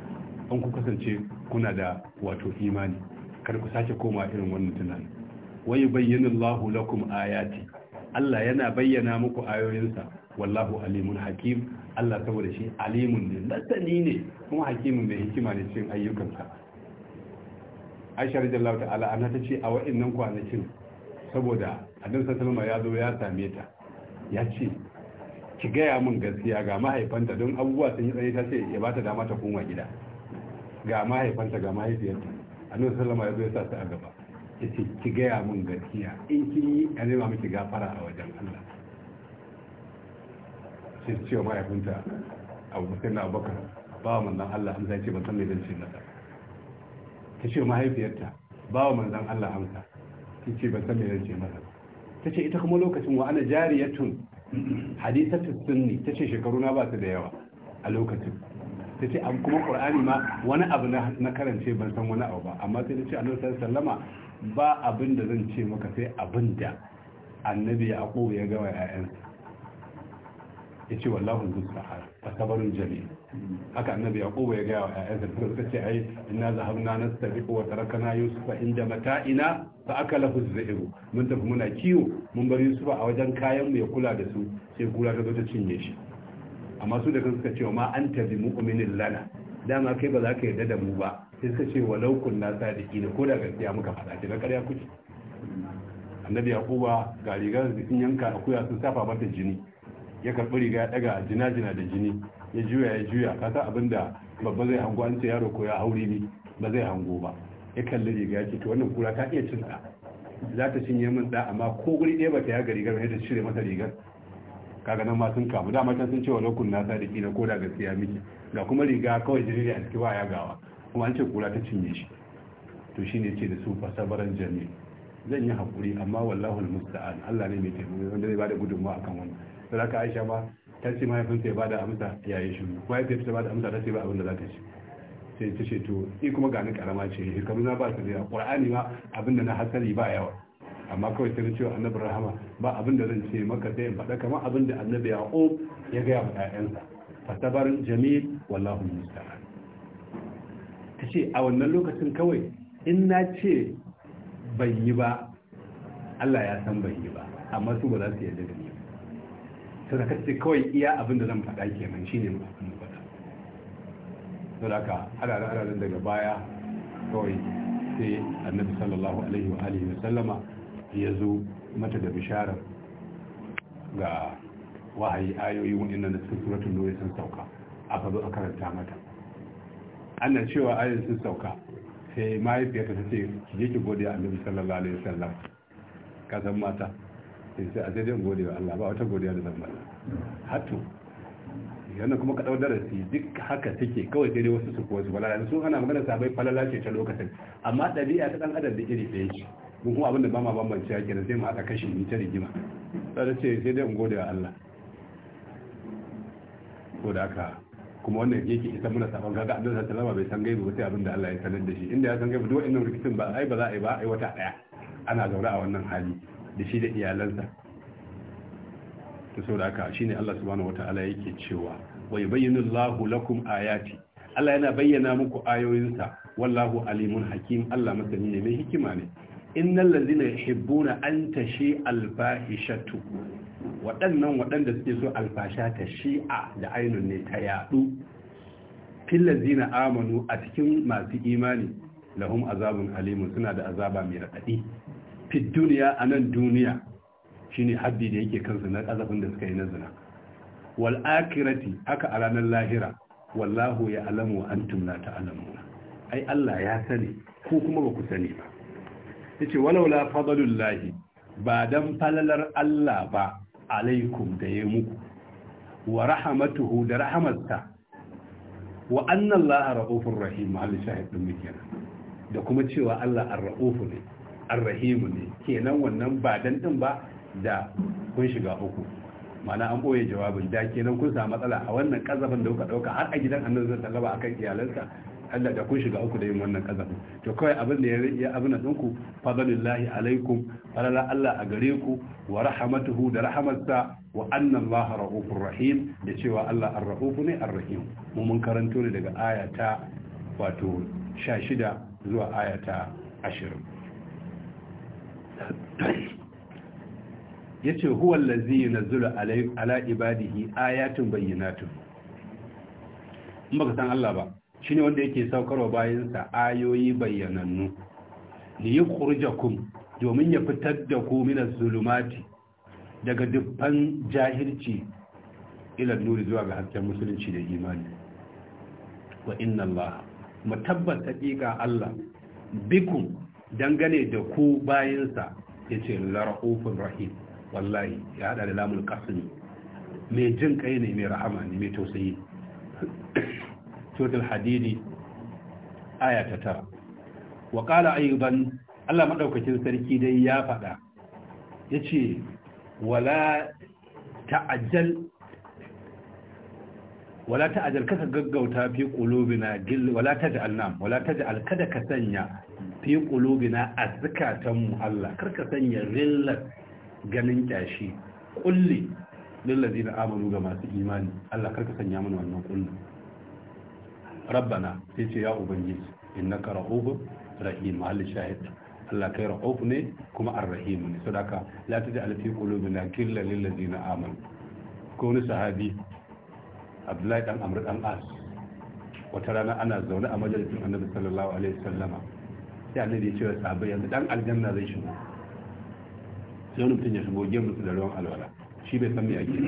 an ku kasance kuna da wato imani kada ku sake komawa irin wannan tunani wa yubayyinu Allahu lakum ayati Allah yana bayyana muku ayoyinsa wallahu alimun hakim Allah saboda shi alimun ne nasani ne kuma hakimun mai hikima ne cikin ayyukansa Aisha radiyallahu ta'ala anna ta ce a wa'annan kwanakin saboda Annabi sallallahu alaihi ya zo ya same ta ya ce ki gaya mun gaskiya ga mahaifanta don abubuwa sun yi tsaye ta ce ya bata dama ta koma gida ga mahaifanta ga mahaifiyarta Annabi sallallahu alaihi ya zo ya sa ta a gaba ya ce ki gaya mun gaskiya in kin yi a nema miki gafara a wajen Allah sai su cewa mahaifinta a wasu na abokan ba wa manzan Allah hamsa ya ce ban san mai zan ce masa ta ce mahaifiyarta ba wa manzan Allah hamsa ta ce ban san mai zan ce masa ta ce ita kuma lokacin wa ana jariyatun ta sunni ta ce shekaru na ba su da yawa a lokacin ta ce kuma qur'ani ma wani abu na karance ban san wani abu ba amma sai ta ce annabi sallama ba abin da zan ce maka sai abin da annabi ya ya gawa 'ya'yansa ya ce wallahun mustahar a sabarin jami haka annabi ya kowa ya gaya wa ƴaƴansa da suka ce ai na zahabna nastabiqu wa tarakana yusufa inda mata'ina fa akalahu az-za'iru mun tafi muna kiwo mun bar yusufa a wajen kayan mu ya kula da su sai kula ta zo ta cinye shi amma su da kan suka ce ma anta mu mu'minin lana dama kai ba za ka yarda da mu ba sai suka ce walau kunna ne ko da gaskiya muka faɗa ce na ƙarya kuce. annabi kowa ga rigar sun yanka akuya sun safa mata jini ya karɓi riga ya daga jina-jina da jini ya juya ya juya kasa abin da babba zai hango an ce yaro ko ya haure ni ba zai hango ba ya kalli riga ya ce to wannan kura ta iya cin ɗa za ta cinye min ɗa amma ko guri ɗaya ba ta yaga rigar ba ta cire masa rigar kaga nan ma sun kamu dama can sun ce wa lokun na da kina ko da gaskiya miki ga kuma riga kawai jini a ciki ba ya gawa kuma an ce kura ta cinye shi to shine ce da su fasabaran jami'in zan yi haƙuri amma wallahu musta'an Allah ne mai taimako wanda zai bada gudunmawa akan wannan to ka aisha ba ta ce mahaifinsa ya ba da amsa ya yi shiru kuma mahaifiyarsa ta da amsa ta ce ba abin da za ta ce sai ta ce to ni kuma gani karama ce shekaru na ba su da qur'ani ma abin da na hasali ba yawa amma kawai sai na ce annabi rahama ba abin da zan ce maka sai in faɗa kamar abin da annabi yaqub ya ga wa yansa fasabar jamil wallahu musta'an ta ce a wannan lokacin kawai in na ce ban yi ba Allah ya san ban yi ba amma su ba za su yarda da ni sau da ce kawai iya abin da zan faɗa shi ne mu faɗa sau da ka harare hararen daga baya kawai sai annabi sallallahu alaihi wa alihi wa sallama ya zo mata da bisharar ga wahayi ayoyi nan da cikin suratun nur sun sauka aka zo a karanta mata ana cewa ayoyin sun sauka sai mahaifiyarta ta ce ki je ki gode annabi sallallahu alaihi wasallam ka san mata in sai a sai dai gode wa Allah ba wata godiya da zan bada hatu yana kuma ka dau darasi duk haka take kawai sai dai wasu su wasu yanzu su ana magana sabai falala ce ta lokacin amma ɗabi'a ta ɗan adam da iri ɗaya yake mun kuma abin da ba ma bambanci yake da sai mu aka kashi ni ta rigima sai ce sai dai gode wa Allah ko da aka kuma wannan yake isa muna sabon gaga annabi ta alaihi bai san gaibi ba sai abin da Allah ya sanar da shi inda ya san gaibi duk wannan rikicin ba ai ba za a yi ba ai wata daya ana zaune a wannan hali da shi da iyalansa ta haka. shi ne Allah subhanahu wata'ala yake cewa wa yubayyinu Allahu lakum ayati Allah yana bayyana muku ayoyinsa wallahu alimun hakim Allah masani ne mai hikima ne innal ladzina yuhibbuna an tashi alfahishatu waɗannan waɗanda suke so alfasha ta shi'a da ainun ne ta yadu fil zina amanu a cikin masu imani lahum azabun alimun suna da azaba mai raɗaɗi. fi duniya a nan duniya shine haddi da yake kansu na azabin da suka yi na zina wal haka a ranar lahira wallahu ya alamu wa antum la ai Allah ya sani ko kuma ba ku sani ba yace walaula fadlullahi ba dan falalar Allah ba alaikum da ya muku wa rahamatuhu da rahamarsa wa anna Allah rahim al shahid din da kuma cewa Allah ar raufu ne arrahimu ne kenan wannan ba dan din ba da kun shiga uku mana an boye jawabin da kenan kun samu matsala a wannan kazafin da kuka dauka har a gidan annabi zai talaba akan iyalansa Allah da kun shiga uku da yin wannan kazafin to kawai abin da ya abin da dinku fadlillahi alaikum falala Allah a gare ku wa rahmatuhu da rahmatsa wa anna Allah raufur rahim da cewa Allah ar-rauf ne ar-rahim mu mun karanto ne daga ayata wato 16 zuwa ayata 20 yace huwa allazi yunzilu ala ibadihi ayatun bayyinatun in baka san Allah ba shine wanda yake saukarwa bayansa ayoyi bayyanannu li yukhrijakum domin ya fitar da ku minaz zulumati daga dubban jahilci ila nuri zuwa ga hasken musulunci da imani wa inna Allah mutabbata hakika Allah bikum dangane da ku bayansa ya ce lara'ufin rahim wallahi ya hada da lamun kasin mai jin kai ne mai rahama ne mai tausayi Cutar hadidi aya ta tara wa kala ayyuban allah maɗaukacin sarki dai ya faɗa ya ce wala ta'ajjal wala ta'ajjal kasa gaggauta fi qulubina gil wala taj'al nam wala taj'al kada ka sanya fi qulubina a zukatanmu Allah karka sanya rillar ganin ƙyashi kyashi kulli lillazina amanu ga masu imani Allah karka sanya mana wannan kulli rabbana sai ce ya ubangiji innaka rahubun rahim hal shahid Allah kai rahuf ne kuma arrahim ne sadaka la taj'al fi qulubina ghillan lil ladina amanu ko ni sahabi Abdullahi dan Amr dan As wata rana ana zaune a majalisin Annabi sallallahu alaihi wasallama sai annabi ya ce wa sahabbai yanzu dan aljanna zai shigo sai wani mutum ya shigo gemu su da ruwan alwala shi bai san me ake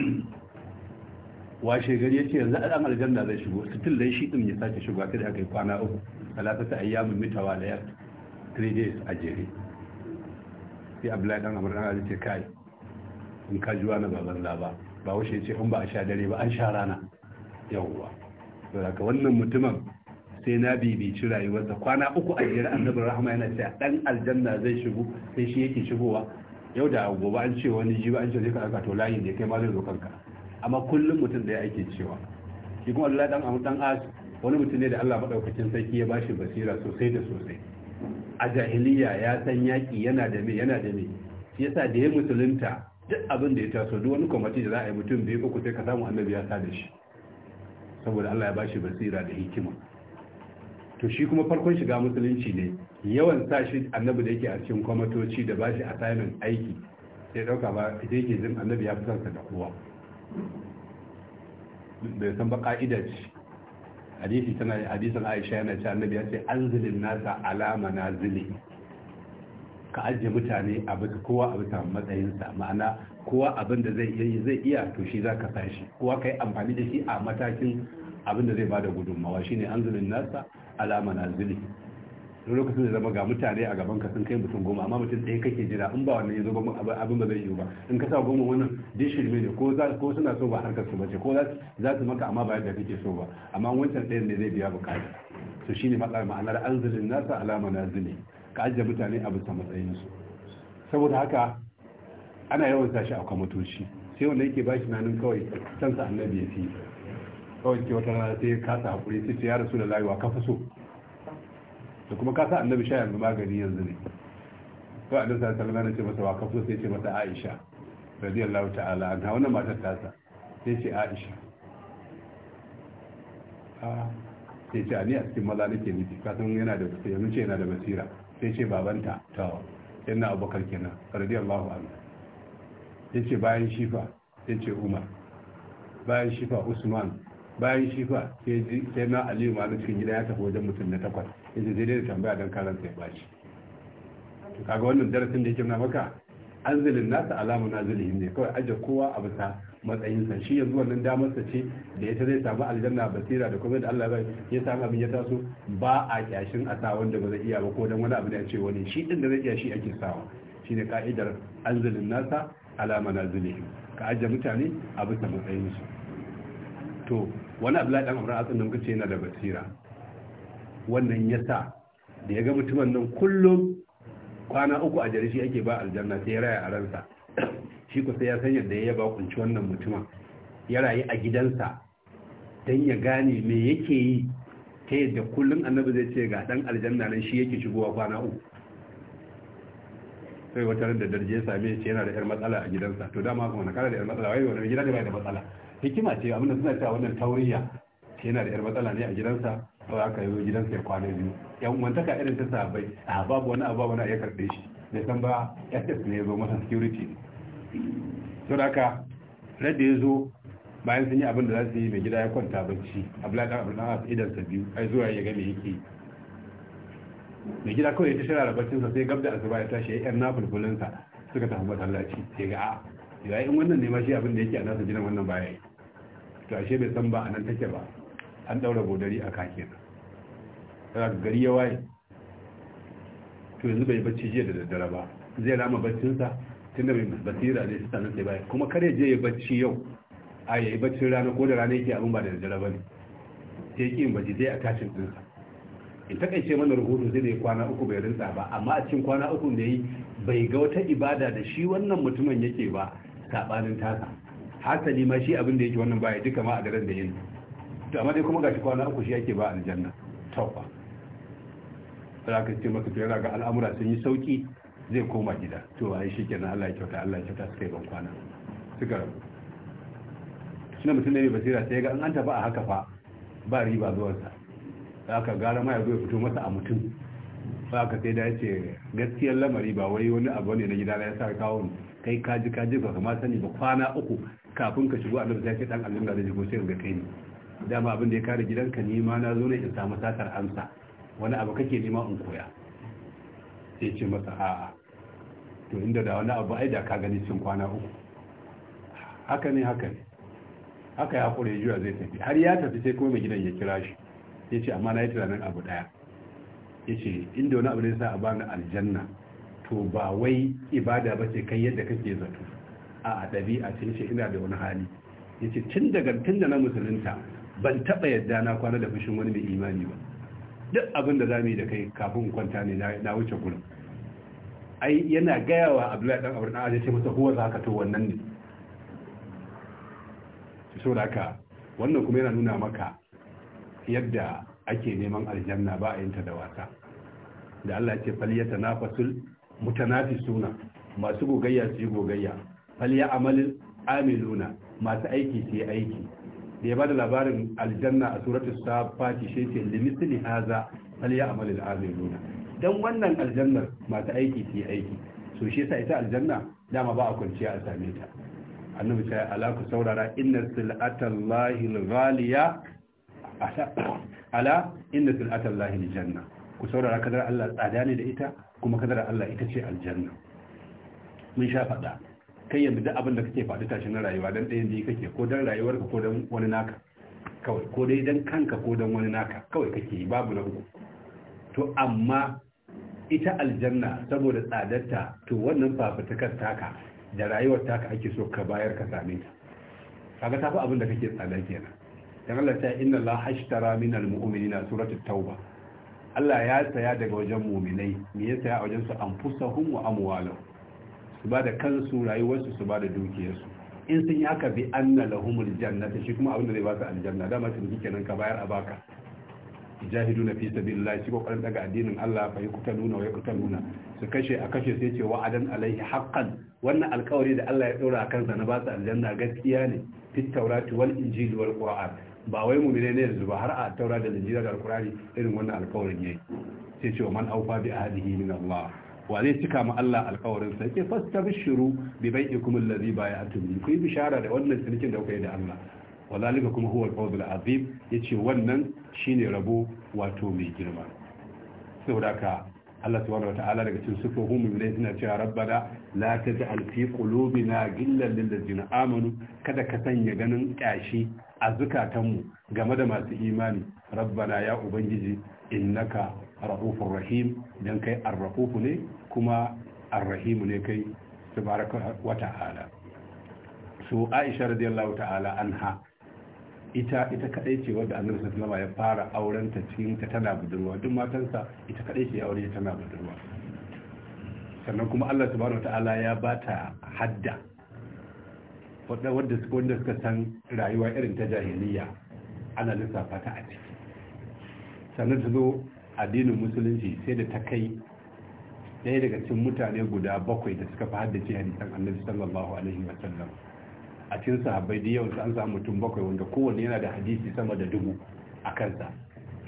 washe gari ya ce yanzu dan aljanna zai shigo tun dai shi din ya sake shigo sai da aka yi kwana uku talatata ayyamin mitawa da ya 3 days a jere sai abdullahi dan amur ya ce kai in ka juwa na baban laba ba ya ce in ba a sha dare ba an sha rana yawwa daga wannan mutumin sai na bibici rayuwarsa kwana uku a jere annabin rahama yana cewa dan aljanna zai shigo sai shi yake shigowa yau da gobe an ce wani jiba an ce zai karaka to layin da kai ma zai zo kanka amma kullum mutum da ya ake cewa shi kuma Allah dan amu dan wani mutum ne da Allah madaukakin sarki ya bashi basira sosai da sosai a jahiliya ya san yaki yana da me yana da me yasa da ya musulunta duk abin da ya taso duk wani kwamati da za a yi mutum bai uku sai ka samu annabi ya sa da shi saboda Allah ya bashi basira da hikima to shi kuma farkon shiga musulunci ne yawan sa shi annabi da yake a cikin kwamatoci da ba shi assignment aiki sai dauka ba ita yake jin annabi ya fitar da kowa bai san ba ka'ida shi hadisi tana hadisan Aisha yana cewa annabi ya ce anzilin nasa ala manazili ka ajiye mutane a bisa kowa a bisa matsayinsa ma'ana kowa abin da zai iya zai iya to shi zaka sa shi kowa yi amfani da shi a matakin abin da zai bada gudunmawa shine anzulin nasa alama na zili duk lokacin da zama ga mutane a gaban ka sun kai mutum goma amma mutum ɗaya kake jira in ba wannan yanzu abin ba zai yiwu ba in ka sa goma wannan dai shirme ne ko suna so ba harkar su bace ko za su maka amma ba da kake so ba amma wancan ɗayan ne zai biya bukata to shine matsalar ma'anar anzulin nasa alama na zili ka ajiye mutane a bisa matsayinsu saboda haka ana yawan sashi a kwamatoci sai wanda yake ba shi nanin kawai sansa annabi ya fi kawai ke wata rana sai ya kasa hakuri sai ce ya rasu da layuwa kafa so da kuma ka sa annabi sha yanzu magani yanzu ne kawai a dasa salama na ce masa wa ka so sai ce masa aisha radiyallahu ta'ala an ha wannan matar tasa sai ce aisha ah, sai ce a ni a cikin maza nake nufi kasan yana da yanzu ce yana da basira sai ce babanta ta yana abokan kenan radiyallahu anhu ya ce bayan shifa ya ce umar bayan shifa usman bayan shi fa sai sai na aliyu ma cikin gida ya tafi wajen mutum na takwas ya ce daidai da tambaya don karan sai bashi kaga wannan darasin da yake na maka anzilin nasa alamu na ne kawai aje kowa a bisa matsayinsa shi yanzu wannan damar sa ce da ya zai samu aljanna basira da kuma da Allah bai ya samu abin ya taso ba a kyashin a sa wanda ba zai iya ba ko dan wani abu da ya ce wani shi din da zai iya shi ake sawa shine ka'idar anzilin nasa alamu manazilihim ka aje mutane a bisa matsayinsu to wani abdullahi laɗin amran asin nan muka ce yana da basira wannan ya sa da ya ga mutumin nan kullum kwana uku a jari shi ake ba aljanna sai ya raya a ransa shi kusa sai ya san yadda ya ba kunci wannan mutumin ya rayu a gidansa don ya gane me yake yi ta yadda kullum annabi zai ce ga dan aljanna nan shi yake shigowa kwana uku sai wata da darje ya same shi yana da yar matsala a gidansa to dama kuma na kara da yar matsala wai wani gida da bai da matsala hikima ce abinda suna cewa wannan tauriya yana da yar matsala ne a gidansa sau aka yi gidansa ya kwana biyu yan wantaka irin ta sabai a babu wani abu wani ya karɓe shi da san ba ss ne ya zo masa security to da aka rada ya zo bayan sun yi abin da za su yi mai gida ya kwanta bacci abdullahi dan abdullahi su idan sa biyu ai zuwa ya ga me yake mai gida kawai ya ta shirara baccinsa sai gabda asuba ya tashi ya yan nafulfulinsa suka tafi masallaci sai ga a'a ya in wannan ne ma shi abin da yake a nasa jiran wannan baya yi to ashe bai san ba a nan take ba an daura godari a kake na daga gari ya waye to yanzu bai bacci jiya da daddare ba zai rama baccinsa tunda mai basira ne su nan sai baya kuma kar ya je ya bacci yau a ya yi baccin rana ko da rana yake abin ba da daddare ba ne sai ya yin bacci zai a tashin ɗinsa in takaice mana rahoto zai da ya kwana uku bai rinsa ba amma a cikin kwana uku da yi bai ga wata ibada da shi wannan mutumin yake ba sabanin tasa hasali ma shi abin da yake wannan baya duka ma a daren da yin to amma dai kuma gashi kwana uku shi yake ba aljanna tawba za ka ce maka to yana ga al'amura sun yi sauki zai koma gida to ai shi kenan Allah ya kyauta Allah ya kyauta suka yi ban kwana suka rabu suna mutum ne basira sai ga an ba a haka fa ba riba zuwansa za ka gara ma ya zo ya fito masa a mutum ba ka sai da ya ce gaskiyar lamari ba wai wani abu ne na gida ya sa kawo kai kaji kaji ba kamar sani ba kwana uku kafin ka shigo annabi sai ce dan Allah zai shigo sai ga kai ne dama abin da ya kare gidanka ni ma na zo ne in samu satar amsa wani abu kake nema in koya sai ce masa a'a to inda da wani abu ai da ka gani cin kwana uku haka ne haka ne haka ya kure jiya zai tafi har ya tafi sai kuma mai gidan ya kira shi ya ce amma na yi tunanin abu daya ya ce inda wani abu ne sa a bani aljanna to ba wai ibada ba ce kai yadda kake zato a ɗabi'a cikin ce ina da wani hali yace ce tun daga tun da na musulunta ban taba yadda na kwana da fushin wani mai imani ba duk abin da za yi da kai kafin kwanta ne na wuce gurin ai yana gayawa abdullahi dan abu ya ce masa huwa zaka to wannan ne so haka wannan kuma yana nuna maka yadda ake neman aljanna ba a yin ta da wasa. da Allah ya ce na yatanafasul mutanafisuna masu gogayya su yi gogayya fal ya amal amiluna masu aiki su yi aiki da ya bada labarin aljanna a suratul safati shi ce limithli haza fal ya amal amiluna dan wannan aljannar masu aiki su yi aiki so shi yasa ita aljanna dama ba a kwanciya a same ta annabi sai ala ku saurara inna silatallahi alghaliya ala inna silatallahi janna. ku saurara kadar Allah tsada ne da ita kuma kadar Allah ita ce aljanna mun sha faɗa kai yanzu duk abin da kake faɗi tashi na rayuwa dan ɗayan yanzu kake ko dan rayuwarka ko dan wani naka kawai ko dai dan kanka ko dan wani naka kawai kake yi babu na uku to amma ita aljanna saboda tsadarta to wannan fafutukar taka da rayuwar taka ake so ka bayar ka same ta kaga ta abin da kake tsada kenan dan Allah ta inna Allah hashtara minal mu'minina suratul tauba Allah ya saya daga wajen muminai me ya saya a wajen su anfusahum wa amwalahum su ba da kansu rayuwarsu su ba da dukiyarsu in sun yi haka bi anna lahumul jannata shi kuma abinda zai ba su aljanna dama tun kenan ka bayar a baka jahidu na fi sabilillah shi kokarin daga addinin Allah fa yuqtaluna wa yuqtaluna su kashe a kashe sai ce wa'adan alaihi haqqan wannan alƙawari da Allah ya daura kansa na ba su aljanna gaskiya ne fit tawrati wal injili wal qur'an ba wai mu ne yanzu ba har a taura da linjira da alkurani irin wannan alkawarin yayi sai ce man aufa bi ahdihi min Allah wa zai cika ma Allah alkawarin sa yake fastabshiru bi bai'ikum alladhi bay'atum ku yi bishara da wannan cinikin da kuka da Allah wadalika kuma huwa al-fawz al yace wannan shine rabo wato mai girma saboda ka Allah subhanahu wataala daga cikin sufofin mu ne suna cewa rabbana la taj'al fi qulubina ghillan lil ladzina amanu kada ka sanya ganin kashi a zukatanmu game da masu imani rabbana ya ubangiji innaka rahufur rahim dan kai arrahufu ne kuma arrahimu ne kai Su wa ta'ala so Aisha radiyallahu ta'ala anha ita ita kadai ce wadda Annabi sallallahu alaihi ya fara auren ta cikin ta tana budurwa duk matansa ita kadai ce aure tana budurwa sannan kuma Allah subhanahu wa ta'ala ya bata hadda wanda wanda suka san rayuwa irin ta jahiliya ana lissafa ta a ciki sannan ta zo addinin musulunci sai da ta kai ɗaya daga cikin mutane guda bakwai da suka fi haddace hadisan annabi sallallahu alaihi wa sallam a cikin sahabbai da yawan an samu mutum bakwai wanda kowanne yana da hadisi sama da dubu a kansa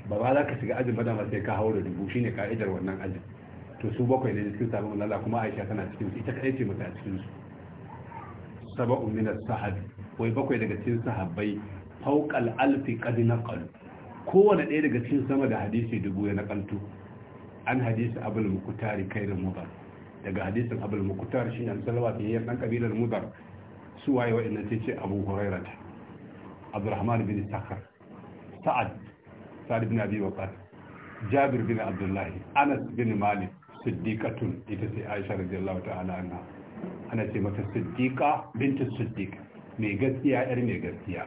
ba ba za ka shiga ajin ba dama sai ka da dubu shine ka'idar wannan ajin to su bakwai ne cikin sabon lalla kuma aisha tana cikin su ita kaɗai ce mata a cikin su saba'un min as sahab wai bakwai daga cikin sahabbai fawqal alfi qad naqal kowane ɗaya daga cikin sama da hadisi dubu ya naqaltu an hadisi abul kai da mudar daga hadisin abul mukutar shine an salawa ta yayin dan kabilar mudar su waye wa inna tace abu hurairah abdurrahman bin sakhar sa'ad sa'ad bin abi waqas jabir bin abdullahi anas bin malik siddiqatun ita sai aisha radiyallahu ta'ala anha ana ce mata siddiƙa bintu siddiq mai gaskiya yar mai gaskiya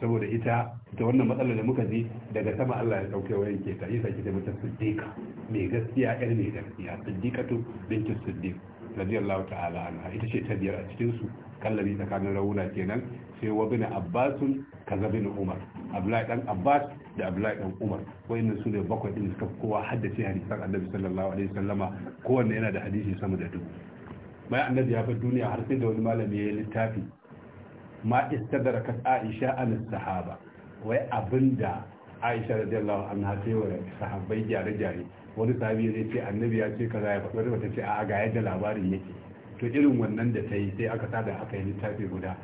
saboda ita da wannan matsalar da muka ji daga sama Allah ya dauke wa yanke ta yasa ce mata siddiƙa mai gaskiya yar mai gaskiya siddiqatu bintu siddiq radiyallahu ta'ala anha ita ce ta biyar a cikin su kallabi tsakanin rauna kenan sai wa bin abbasun kaza bin umar abdullahi dan abbas da abdullahi dan umar wayannan su ne bakwai din suka kowa haddace hadisan annabi sallallahu alaihi wasallama kowanne yana da hadisi sama da dubu bayan annabi ya bar duniya har sai da wani malami ya yi littafi ma istadrakat aisha an sahaba wai abinda aisha radiyallahu anha ta wa sahabbai gyare gyare wani sahabi ya ce annabi ya ce kaza ya faɗi wata ce a ga yadda labarin yake to irin wannan da ta yi sai aka tada aka yi littafi guda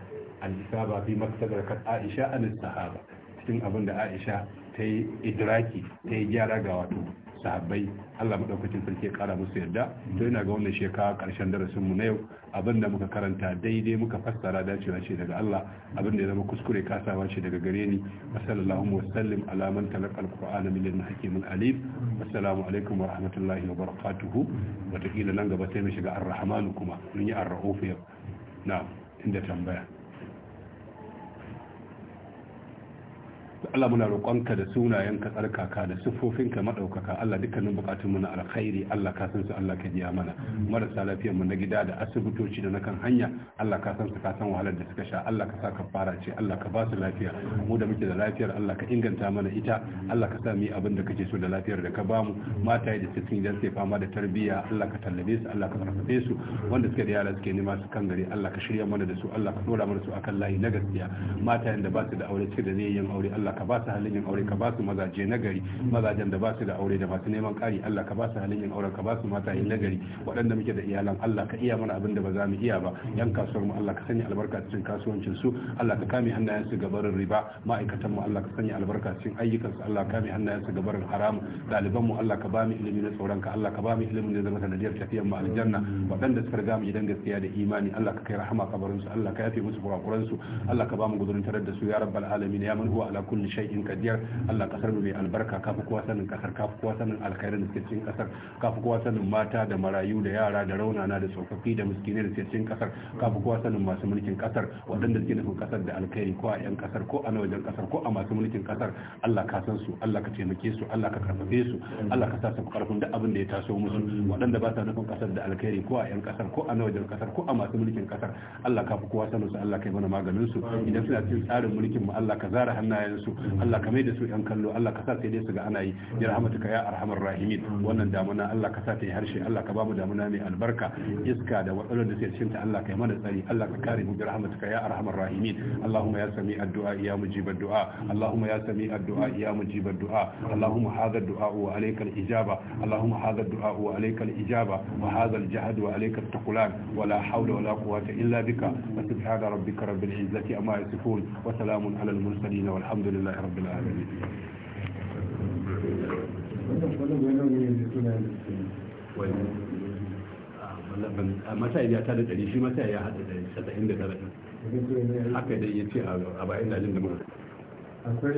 an isaba fi maktabar aisha an sahaba cikin abinda aisha ta yi idraki ta yi gyara ga wato sahabbai Allah madaukakin sarki ya kara musu yarda to ina ga wannan shekara karshen darasin mu na yau abinda muka karanta daidai muka fassara dacewa ce daga Allah abinda ya zama kuskure kasawa ce daga gare ni sallallahu wa sallim ala man talaqa alqur'ana min al-hakim al-alim assalamu alaikum wa rahmatullahi wa barakatuhu nan gaba sai mu shiga ar kuma mun yi ar-rauf na'am inda tambaya Allah muna roƙonka da sunayenka tsarkaka da siffofinka maɗaukaka Allah dukkanin bukatun mu na alkhairi Allah ka san su Allah ka biya mana marasa lafiyarmu na gida da asibitoci da na kan hanya Allah ka san su ka san wahalar da suka sha Allah ka sa ka fara ce Allah ka ba su lafiya mu da muke da lafiyar Allah ka inganta mana ita Allah ka sa mu abin da kake so da lafiyar da ka ba mu mataye da suke gidan sai fama da tarbiyya Allah ka tallabe su Allah ka tsarkake su wanda suke da yara suke nema su kan gari Allah ka shirya mana da su Allah ka dora mana su akan layi na gaskiya matayen da ba su da aure suke da zai yin aure Allah ka ba su halin yin aure ka ba su mazaje na gari mazajen da ba su da aure da masu neman kari Allah ka ba su halin yin auren ka ba su mata yin nagari waɗanda muke da iyalan Allah ka iya mana abin da ba za mu iya ba yan kasuwar mu Allah ka sanya albarka cikin kasuwancin su Allah ka kame hannayen su gabarin riba ma'aikatan mu Allah ka sanya albarka cikin ayyukan su Allah ka kame hannayen su gabarin haramu ɗaliban mu Allah ka ba mu ilimi na tsoron ka Allah ka ba mu ilimin da zama sanadiyar tafiyar mu aljanna waɗanda suka riga mu gidan gaskiya da imani Allah ka kai rahama kabarin su Allah ka yafe musu kurakuran su Allah ka ba mu gudurin tarar da su ya rabbal alamin ya man huwa ala kulli shay'in qadir Allah kasar mu mai albarka kafi kowa sanin kasar kafi kowa sanin alkhairin da cikin kasar kafi kowa sanin mata da marayu da yara da raunana da tsofaffi da miskinai da cikin kasar kafi kowa sanin masu mulkin kasar waɗanda suke nufin kasar da alkhairi ko a 'yan kasar ko a wajen kasar ko a masu mulkin kasar Allah ka san su Allah ka taimake su Allah ka karfafe su Allah ka sa su karfin duk abin da ya taso musu wadanda ba sa nufin kasar da alkhairi ko a 'yan kasar ko a wajen kasar ko a masu mulkin kasar Allah ka fi kowa sanin su Allah ka yi mana maganin su idan suna cikin tsarin mulkin mu Allah ka zara hannayen su Allah ka mai da su yan kallo Allah ka sa sai dai su ga ana yi ya rahmatuka ya arhamar rahimin wannan damuna Allah ka sa ta yi harshe Allah ka ba mu damuna mai albarka iska da matsalolin da suke cikin ta Allah ka yi mana tsari Allah ka kare mu bi rahmatuka ya arhamar rahimin Allahumma ya sami addu'a ya mujib du'a. Allahumma ya sami addu'a ya mujib addu'a Allahumma hadha addu'a wa alayka al-ijaba Allahumma hadha du'a wa alayka al-ijaba wa hadha al-jahd wa alayka at-taqlan wa la hawla wa la quwwata illa bika subhana rabbika rabbil izzati amma yasifun wa salamun ala al-mursalin لله رب العالمين matsayi ya tada ɗari shi matsayi ya haɗa da saba'in a bayan dalin da muka